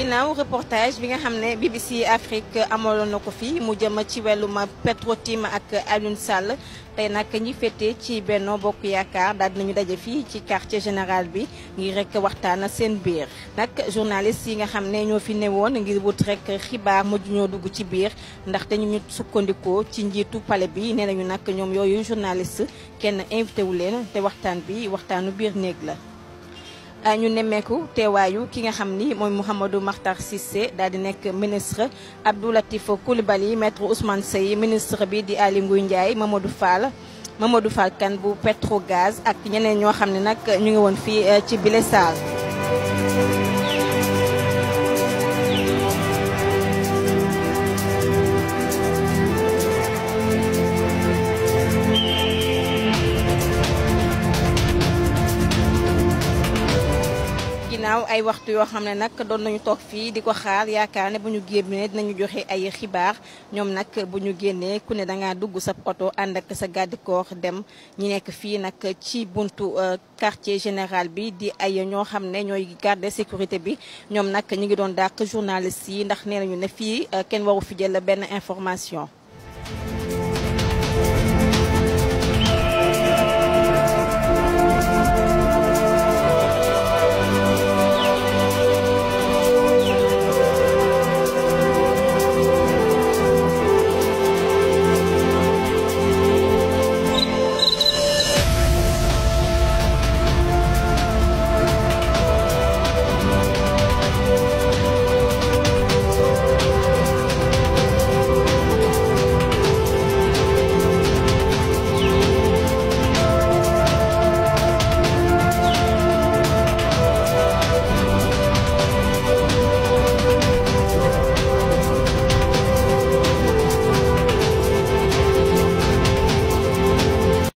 ginaaw reportage bi nga xam ne BBC Afrique amaloon na ko fi mu jëm ci welu ma Petrotim ak Alioune Sall tey nag ñi féete ci Benno Bokk Yaakaar daal nañu daje fii ci quartier général bi ngir rek waxtaan seen biir. nag journaliste yi nga xam ne ñoo fi newoon ngir wut rek xibaar mujj ñoo dugg ci biir ndaxte ñu ñu sukkandikoo ci njiitu pale bi nee nañu nag ñoom yooyu journaliste kenn invité wu leen te waxtaan bi waxtaanu biir néeg la. Euh, ñu nemmeeku teewaayu ki nga xam ni mooy Mouhamadou Makhtar Cissé daal di nekk ministre Abdou Latif Coulibaly maître Ousmane Seye ministre bi di Aly Ngouille Ndiaye Mamadou Fall Mamadou Fall Kane bu Petrogaz ak ñeneen ñoo xam ne nag ñu ngi woon fii euh, ci bile saal ginnaaw ay waxtu yoo xam ne nag doon nañu toog fii di ko xaar yaakaar ne bu ñu génnee dinañu joxe ay xibaar ñoom nag bu ñu génnee ku ne dangaa dugg sa oto ànd ak sa gàddikoor dem ñi nekk fii nag ci buntu euh, quartier général bi di ay ñoo xam ne ñooy garde sécurité bi ñoom nag ñu ngi doon dàq journaliste yi ndax nee nañu ne fii euh, kenn waru fi jël benn information